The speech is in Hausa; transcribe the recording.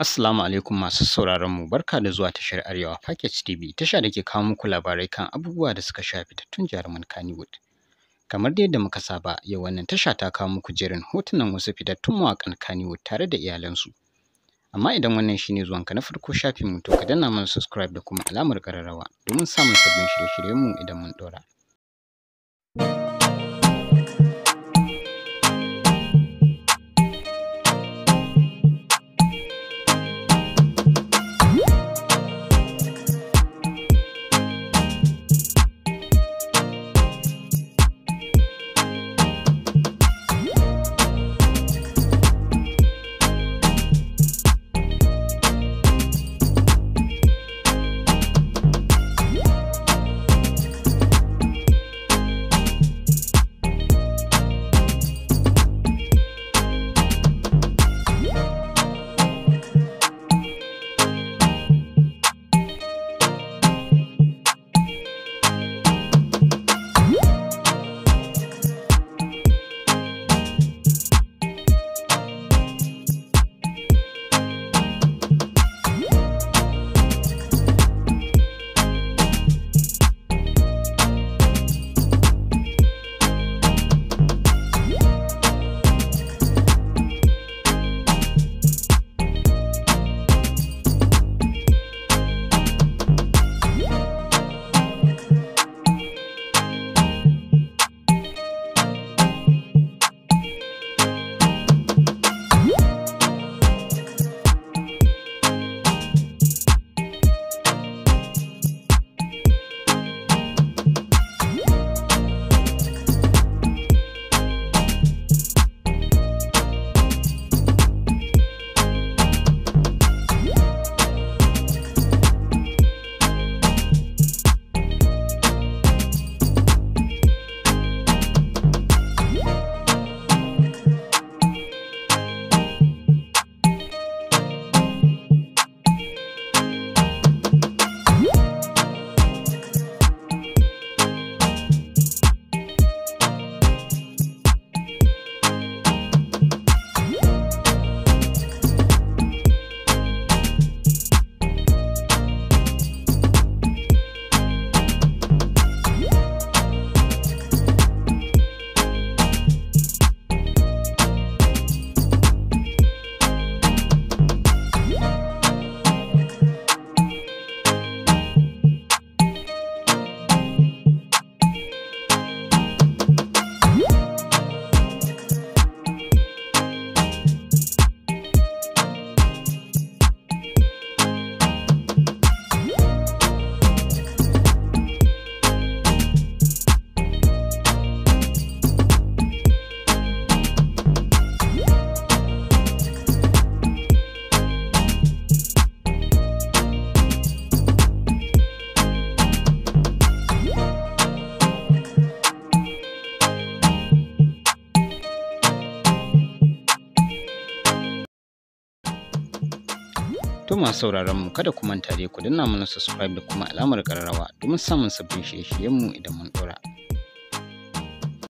Assalamu alaikum masu sauraron mu barka da zuwa tashar Arewa Packet TV tasha da ke kawo muku labarai kan abubuwa da suka shafi tattun jaruman Kannywood. Kamar dai yadda muka saba yau wannan tasha ta kawo muku jerin hotunan wasu fitattun mawakan Kannywood tare da iyalansu. Amma idan wannan shine zuwanka na farko shafin mu to ka danna mana subscribe da kuma alamar kararrawa domin samun sabbin shirye-shiryen mu idan mun ɗora. masu sauraron mu kada ku manta dai ku danna mana subscribe da kuma alamar kararrawa domin samun sabbin shirye mu idan mun dora.